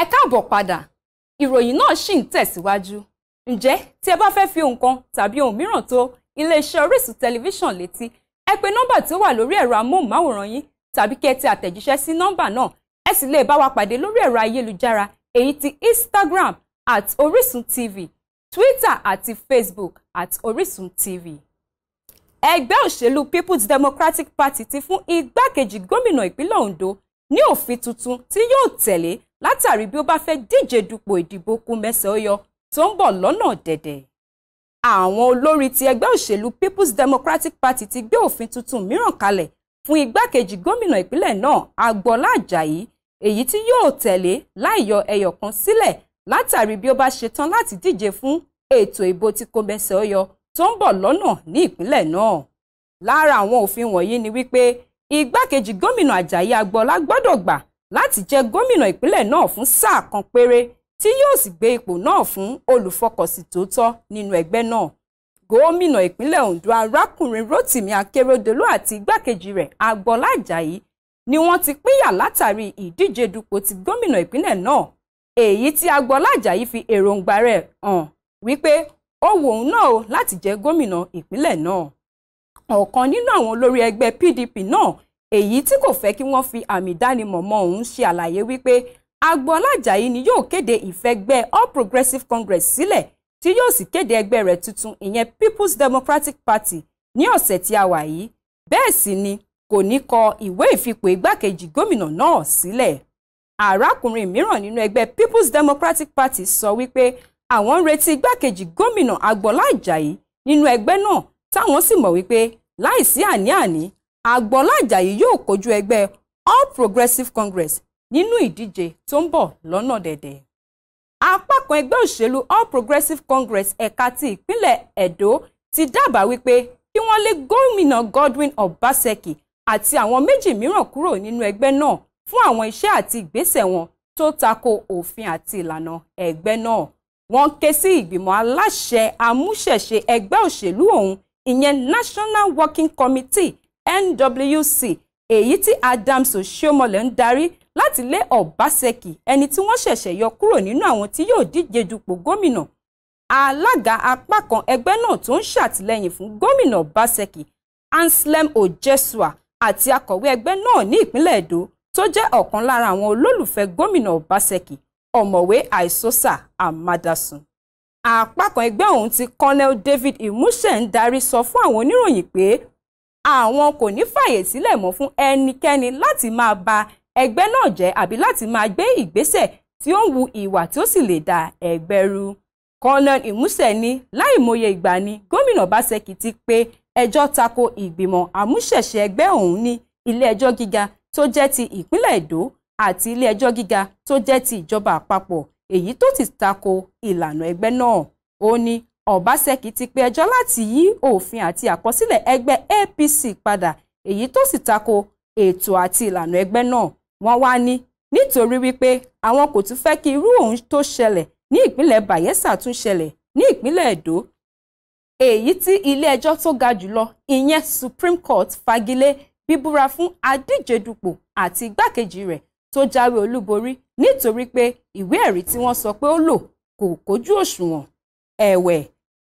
ẹ káàbọ̀ padà ìròyìn náà ṣì ń tẹ̀síwájú ǹjẹ́ tí ẹ bá fẹ́ fi nǹkan tàbí ohun mìíràn tó iléeṣẹ́ Orísun tẹlifíṣàn létí ẹ pè nọ́mbà tí ó wà lórí ẹ̀rọ amóhùnmáwòrán yín tàbí kí ẹ tẹ àtẹ̀jíṣẹ́ sí nọ́mbà náà ẹ sì lè bá wa pàdé lórí ẹ̀rọ ayélujára èyí ti Instagram at Orísun TV Twitter àti Facebook at Orísun TV. ẹgbẹ́ òṣèlú People's Democratic Party ti fún igbákejì gómìnà ìpínlẹ̀ Ondo ní òfin tuntun tí yóò tẹ̀lé látàrí bí ó bá fẹ́ díje dupò ìdìbò kù mẹ́sàn-án yọ tó ń bọ̀ lọ́nà dẹ̀dẹ̀. àwọn olórí ti ẹgbẹ́ òṣèlú People's Democratic Party ti gbé òfin tuntun mìíràn kalẹ̀ fún igbákejì gómìnà ìpínlẹ̀ náà Agboola Ajayi èyí tí yóò tẹ̀lé láìyọ ẹyọkan sílẹ̀ látàrí bí ó bá ṣetán láti díje fún ètò ìbò tí kò mẹ́sàn-án yọ tó ń bọ̀ lọ́nà ní ìpínlẹ̀ náà. lára àwọn òfin wọ̀nyí ni wípé igbákejì gómìnà Ajayi Agboola gbọ́dọ̀ gbà láti jẹ gómìnà ìpínlẹ̀ náà fún sáà kan péré tí yóò sì gbé ipò náà fún olùfọkànsìn tó tọ́ nínú ẹgbẹ́ náà gómìnà ìpínlẹ̀ Ondo arákùnrin Rotimi Akeredolu àti igbákejì rẹ̀ Agboola Ajayi ni wọ́n ti pínyà látàrí ìdíje dupò ti gómìnà ìpínlẹ̀ náà èyí tí Agboola Ajayi fi èròǹgbà rẹ̀ hàn wípé ó wù òun náà o láti jẹ́ gómìnà ìpínlẹ̀ náà ọ̀kan nínú àwọn olórí ẹgbẹ́ PDP náà èyí tí kò fẹ́ kí wọ́n fi àmì ìdánimọ̀ mọ òun ṣe àlàyé wípé Agboola Ajayi ni yóò kéde ìfẹ́gbẹ́ All Progressives Congress sílẹ̀ tí yóò sì kéde ẹgbẹ́ rẹ̀ tuntun ìyẹn People's Democratic Party ní ọ̀sẹ̀ tí a wà yìí bẹ́ẹ̀ sì ni kò ní kọ ìwé ìfipò igbákejì gómìnà náà sílẹ̀ arákùnrin mìíràn nínú ẹgbẹ́ People's Democratic Party sọ wípé àwọn ń retí igbákejì gómìnà Agboola Ajayi nínú ẹgbẹ́ náà táwọn sì mọ̀ wípé láìsí àní-àní Agboola Ajayi yóò kojú ẹgbẹ́ All Progressives Congress nínú ìdíje tó ń bọ̀ lọ́nà dẹ̀dẹ̀. Apá kan ẹgbẹ́ òṣèlú All Progressives Congress ẹ̀ka ti ìpínlẹ̀ Edo ti dábàá wípé kí wọ́n lé gómìnà Godwin Obaseki àti àwọn méjì mìíràn kúrò nínú ẹgbẹ́ náà fún àwọn iṣẹ́ àti ìgbésẹ̀ wọn tó tako òfin àti ìlànà ẹgbẹ́ náà. Wọ́n ké sí ìgbìmọ̀ aláṣẹ amúṣẹ̀ṣe ẹgbẹ́ òṣèlú ọ̀hún ìyẹn National Working Committee NWC èyí tí Adams Oshiomhole ń darí láti lé Obaseki ẹni tí wọ́n ṣẹ̀ṣẹ̀ yọ kúrò nínú àwọn tí yóò díje dupò gómìnà alága apá kan ẹgbẹ́ náà tó ń ṣàtìlẹ́yìn fún gómìnà Obaseki Anselm Ojesua àti akọ̀wé ẹgbẹ́ náà ní ìpínlẹ̀ Èdó tó jẹ́ ọ̀kan lára àwọn olólùfẹ́ gómìnà Obaseki ọ̀mọ̀wé Àìsósà Amadasun apá kan ẹgbẹ́ ọ̀hún tí Colonel David Imushe ń darí sọ fún àwọn oníròyìn pé àwọn kò ní fàyè sílẹ̀ mọ́ fún ẹnikẹ́ni láti máa ba ẹgbẹ́ náà jẹ́ àbí láti máa gbé ìgbésẹ̀ tí ó ń wu ìwà tí ó sì lè da ẹgbẹ́ rú. Colonel Imuse ní láìmọye ìgbà ni gómìnà Obaseki ti pé ẹjọ́ tako ìgbìmọ̀ àmúṣẹ̀ṣe ẹgbẹ́ òun ní ilé-ẹjọ́ gíga tó jẹ́ ti ìpínlẹ̀ Èdó àti ilé-ẹjọ́ gíga tó jẹ́ ti ìjọba àpapọ̀ èyí tó ti tako ìlànà ẹgbẹ́ náà ó ní Obaseki ti pe ẹjọ́ láti yí òfin àti àkọsílẹ̀ ẹgbẹ́ APC padà èyí tó sì tako ètò àti ìlànà ẹgbẹ́ náà wọ́n wá ní nítorí wípé àwọn kò tún fẹ́ kí irú ohun tó ṣẹlẹ̀ ní ìpínlẹ̀ Bayelsa tún ṣẹlẹ̀ ní ìpínlẹ̀ Èdó èyí tí ilé tó ga jùlọ ìyẹn Supreme Court fagilé bíbúra fún adíje dupò àti igbákejì rẹ̀ tó jáwé olúborí nítorí pé ìwé ẹ̀rí tí wọ́n sọ pé ó lò kò kójú òṣùwọ̀n ẹ̀wẹ̀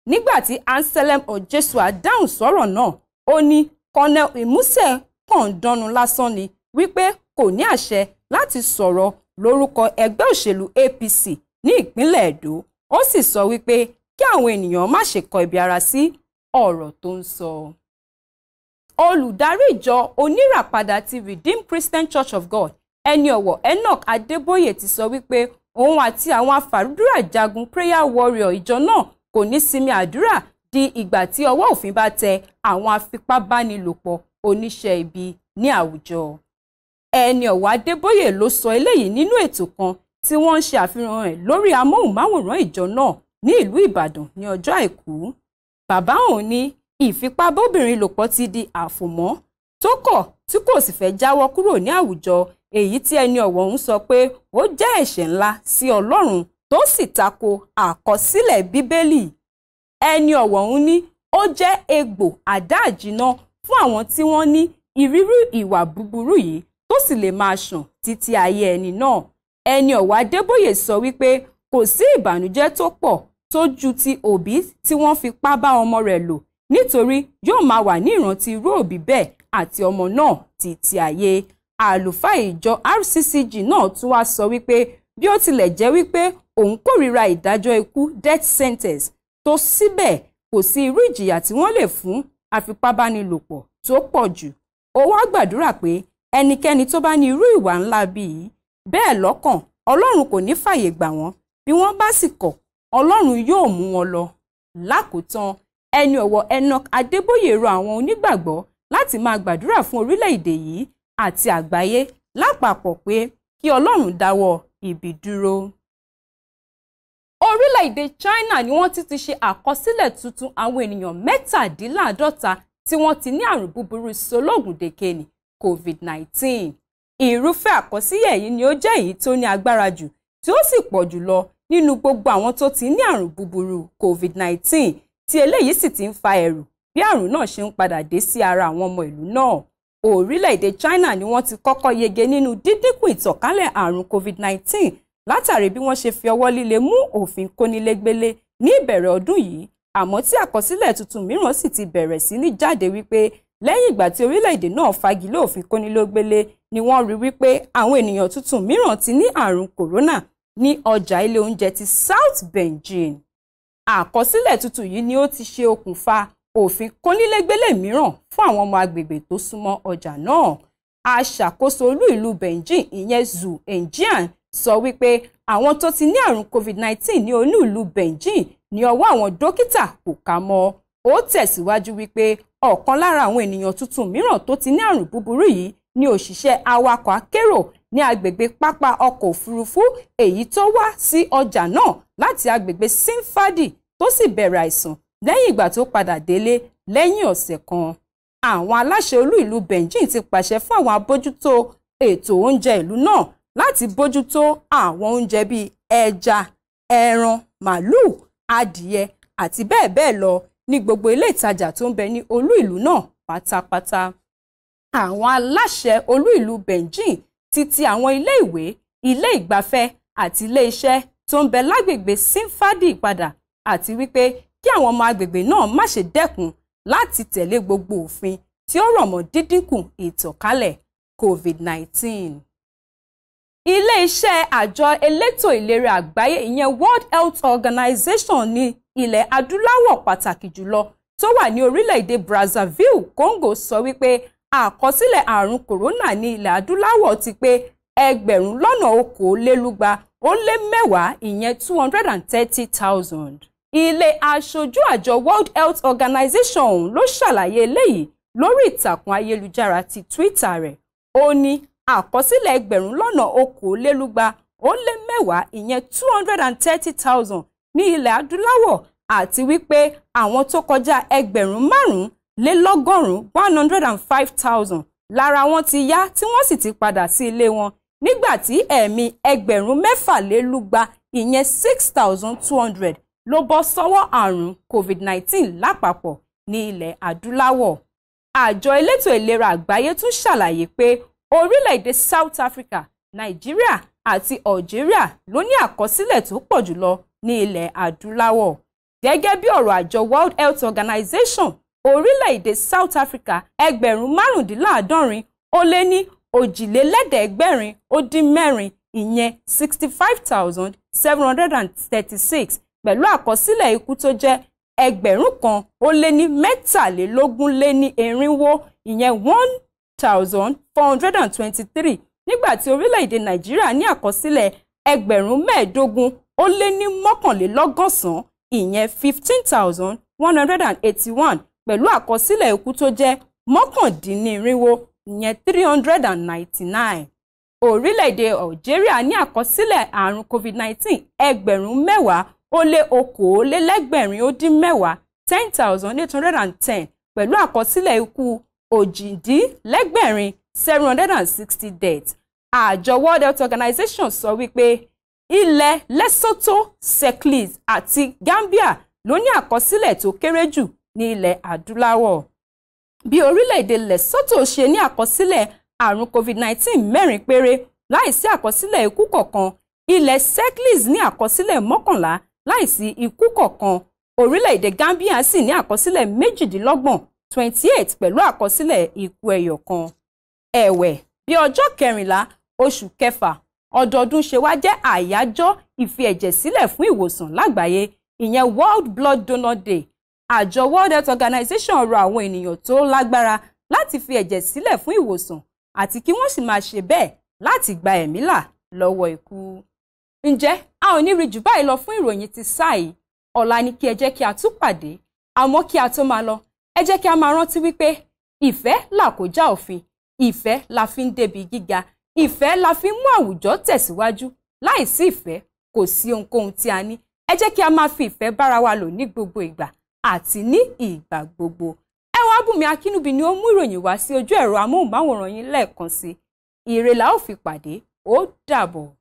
nígbà tí anselm ojesua dáhùn sọ̀rọ̀ náà ó ní colonel imuse kàn dánu lásán ni wípé kò ní àṣẹ láti sọ̀rọ̀ lórúkọ ẹgbẹ́ òṣèlú APC ní ìpínlẹ̀ Èdó ó sì sọ wípé kí àwọn ènìyàn má ṣe kọ ibi ara sí ọ̀rọ̀ tó ń sọ. olùdarí ìjọ oníràpadà ti Redeemed Christian Church of God ẹni ọ̀wọ̀ Enoch Adébóyè ti sọ wípé òun àti àwọn afàdúrà jagun prayer warrior ìjọ náà kò ní sinmi àdúrà di ìgbà tí ọwọ́ òfin bá tẹ àwọn afipábánilòpọ̀ oníṣẹ́ ibi ní àwùjọ. ẹni ọ̀wọ́ adébóyè ló sọ eléyìí nínú ètò kan tí wọ́n ń ṣe àfihàn ẹ̀ lórí amóhùnmáwòrán ìjọ náà ní ìlú ìbàdàn ní ọjọ́ àìkú. bàbá òun ní ìfipábóbìnrin lòpọ̀ ti di àfòmọ́ tó kọ̀ tí kò sì fẹ́ jáwọ́ kúrò ní àwùjọ èyí tí ẹni ọ̀wọ̀ ń sọ pé ó jẹ́ ẹ̀ṣẹ̀ ńlá sí ọlọ́run tó sì tako àkọsílẹ̀ bíbélì ẹni ọ̀wọ̀hún ní ó jẹ́ egbò àdáàjìná fún àwọn tí wọ́n ní ìrírí ìwà búburú yìí tó sì lè máa ṣàn títí ayé ẹni náà ẹni ọ̀wọ̀ adébóyè sọ wípé kò sí ìbànújẹ́ tó pọ̀ tó ju ti òbí tí wọ́n fipá bá ọmọ rẹ̀ lò nítorí yóò máa wà ní ìrántí irú òbí bẹ́ẹ̀ àti ọmọ náà títí ayé àlùfáà ìjọ RCCG náà tún wá sọ wípé bí ó tilẹ̀ jẹ́ wípé òun kórìíra ìdájọ́ ikú death sentence tó síbẹ̀ kò sí irú ìjìyà tí wọ́n lè fún afipábánilòpọ̀ tó pọ̀ jù ó wá gbàdúrà pé ẹnikẹ́ni tó bá ní irú ìwà ńlá bíi bẹ́ẹ̀ lọ́kàn ọlọ́run kò ní fàyè gbà wọ́n bí wọ́n bá sì kọ̀ ọlọ́run yóò mú wọn lọ lákòótán ẹni ọ̀wọ̀ Enoch Adébóyè rọ àwọn onígbàgbọ́ láti máa gbàdúrà fún orílẹ̀-èdè yìí àti àgbáyé lápapọ̀ pé kí ọlọ́run dáwọ́ ìbìdúró. orílẹ̀-èdè China ni wọ́n ti ti ṣe àkọsílẹ̀ tuntun àwọn ènìyàn mẹ́tàdínláàádọ́ta tí wọ́n ti ní àrùn búburú sológùndèkènì COVID-19. irúfẹ́ àkọsílẹ̀ yìí ni ó jẹ́ èyí tó ní agbára jù tí ó sì pọ̀ jùlọ nínú gbogbo àwọn tó ti ní àrùn búburú COVID-19 tí eléyìí sì ti ń fa ẹ̀rù bí àrùn náà ṣe ń padà dé sí ara àwọn ọmọ ìlú náà orílẹ̀-èdè China ni wọ́n ti kọ́kọ́ yege nínú dídínkù ìtànkálẹ̀ àrùn COVID-19 látàrí bí wọ́n ṣe fi ọwọ́ líle mú òfin kónílégbélé ní ìbẹ̀rẹ̀ ọdún yìí àmọ́ tí àkọsílẹ̀ tuntun mìíràn sì ti bẹ̀rẹ̀ sí ní jáde wípé lẹ́yìn ìgbà tí orílẹ̀-èdè náà fagilé òfin kónílégbélé ni wọ́n rí wípé àwọn ènìyàn tuntun mìíràn ti ní àrùn kòrónà ní ọjà ilé oúnjẹ ti South Beijing àkọsílẹ̀ tuntun yìí ni ó ti ṣe okùnfà òfin kónílégbélé mìíràn fún àwọn ọmọ agbègbè tó súnmọ́ ọjà náà aṣàkóso olú ìlú Beijing ìyẹn Zhu Enjian sọ wípé àwọn tó ti ní àrùn COVID-19 ní olú ìlú Beijing ní ọwọ́ àwọn dókítà kò ká mọ́ ó tẹ̀síwájú wípé ọ̀kan lára àwọn ènìyàn tuntun mìíràn tó ti ní àrùn búburú yìí ni òṣìṣẹ́ awakọ̀ akérò ní agbègbè pápá ọkọ̀ òfurufú èyí tó wá sí ọjà náà láti agbègbè Simfadi tó sì bẹ̀rẹ̀ àìsàn lẹ́yìn ìgbà tó padà délé lẹ́yìn ọ̀sẹ̀ kan àwọn aláṣẹ olú ìlú Beijing ti pàṣẹ fún àwọn abójútó ètò oúnjẹ ìlú náà láti bójútó àwọn oúnjẹ bíi ẹja ẹran màlúù adìyẹ àti bẹ́ẹ̀ bẹ́ẹ̀ lọ ní gbogbo ilé ìtajà tó ń bẹ ní olú ìlú náà pátápátá àwọn aláṣẹ olú ìlú Beijing ti ti àwọn ilé ìwé ilé ìgbafẹ́ àti ilé iṣẹ́ tó ń bẹ lágbègbè Simfadi padà àti wípé kí àwọn ọmọ agbègbè náà má ṣe dẹ́kun láti tẹ̀lé gbogbo òfin tí ó rọ̀ mọ́ dídínkù ìtànkálẹ̀ COVID-19. Ilé-iṣẹ́ àjọ elétò ìlera àgbáyé ìyẹn World Health Organization ní ilẹ̀ adúláwọ̀ pàtàkì jùlọ tó wà ní orílẹ̀-èdè Brazzaville Congo sọ wípé àkọsílẹ̀ àrùn corona ní ilẹ̀ adúláwọ̀ ti pé ẹgbẹ̀rún lọ́nà okòólélúgba ó lé mẹ́wàá ìyẹn two hundred and thirty thousand ilé aṣojú àjọ World Health Organization ọ̀hún ló ṣàlàyé eléyìí lórí ìtàkùn ayélujára ti Twitter rẹ̀ ó ní àkọsílẹ̀ ẹgbẹ̀rún lọ́nà okòólélúgba ó lé mẹ́wàá ìyẹn two hundred and thirty thousand ní ilẹ̀ adúláwọ̀ àti wípé àwọn tó kọjá ẹgbẹ̀rún márùn-ún lé lọ́gọ́rùn-ún one hundred and five thousand lára wọn ti yá tí wọ́n sì ti padà sí ilé wọn nígbà tí ẹ̀mí ẹgbẹ̀rún mẹ́fàlélúgba ìyẹn six thousand two hundred ló bọ́ sọ́wọ́ àrùn COVID-19 lápapọ̀ ní ilẹ̀ adúláwọ̀. àjọ elétò ìlera àgbáyé tún ṣàlàyé pé orílẹ̀-èdè South Africa Nàìjíríà àti Algeria ló ní àkọsílẹ̀ tó pọ̀ jùlọ ní ilẹ̀ adúláwọ̀. gẹ́gẹ́ bí ọ̀rọ̀ àjọ World Health Organization orílẹ̀-èdè South Africa ẹgbẹ̀rún márùndínláàádọ́rin ó lé ní òjìlélẹ́ẹ̀ẹ́dẹ́gbẹ̀rin ó dín mẹ́rin ìyẹn sixty five thousand seven hundred and thirty six pẹ̀lú àkọsílẹ̀ ikú tó jẹ́ ẹgbẹ̀rún kan ó lé ní mẹ́tàlélógún lé ní irinwó ìyẹn one thousand four hundred and twenty-three nígbà tí orílẹ̀-èdè nàìjíríà ní àkọsílẹ̀ ẹgbẹ̀rún mẹ́ẹ̀ẹ́dógún ó lé ní mọ́kànlélọ́gọ́sàn-án ìyẹn fifteen thousand one hundred and eighty-one pẹ̀lú àkọsílẹ̀ ikú tó jẹ́ mọ́kàndínnírinwó ìyẹn three hundred and ninety-nine orílẹ̀-èdè algeria ní àkọsílẹ̀ àrùn covid-19 ẹgbẹ̀rún mẹ́wàá ó lé okòólélẹ́gbẹ̀rin ó dín mẹ́wàá ten thousand eight hundred and ten pẹ̀lú àkọsílẹ̀ ikú òjìdínlẹ́gbẹ̀rin seven hundred and sixty deaths. àjọ World Health Organization sọ wípé ilẹ̀ Lesotho Seychelles àti Gambia ló ní àkọsílẹ̀ tó kéré jù ní ilẹ̀ adúláwọ̀. bí orílẹ̀-èdè Lesotho ṣe ní àkọsílẹ̀ àrùn COVID-19 mẹ́rin péré láìsí àkọsílẹ̀ ikú kọ̀ọ̀kan ilẹ̀ Seychelles ní àkọsílẹ̀ mọ́kànlá láìsí ikú kọ̀ọ̀kan orílẹ̀-èdè Gambia sì ní àkọsílẹ̀ méjìdínlọ́gbọ̀n twenty eight pẹ̀lú àkọsílẹ̀ ikú ẹyọ kan ẹ̀wẹ̀ bí ọjọ́ kẹrìnlá oṣù kẹfà ọdọọdún ṣe wá jẹ́ àyájọ́ ìfi ẹ̀jẹ̀ sílẹ̀ fún ìwòsàn lágbàáyé ìyẹn World Blood Donor Day àjọ World Health Organization rọ àwọn ènìyàn tó lágbára láti fi ẹ̀jẹ̀ sílẹ̀ fún ìwòsàn àti kí wọ́n sì máa ṣe bẹ́ẹ̀ láti gba ẹ̀mí là lọ́wọ́ ikú. ǹjẹ́ a ò ní rí jù báyìí lọ fún ìròyìn ti sáà yìí ọ̀la ni kí ẹ jẹ́ kí a tún pàdé àmọ́ kí a tó máa lọ ẹ kí a máa rántí wípé ìfẹ́ là kò já òfin ìfẹ́ la fi ń débi gíga ìfẹ́ la fi ń mú àwùjọ tẹ̀síwájú láìsí ìfẹ́ kò sí ohunkóhun tí a ní ẹ jẹ́ kí a máa fi ìfẹ́ bára wa lò ní gbogbo ìgbà àti ní ìgbà gbogbo ẹ wá Bùnmi Akínúbi ni ó mú ìròyìn wá sí ojú ẹ̀rọ amóhùnmáwòrán yín lẹ́ẹ̀kan sí ire la fi pàdé ó dàbọ̀.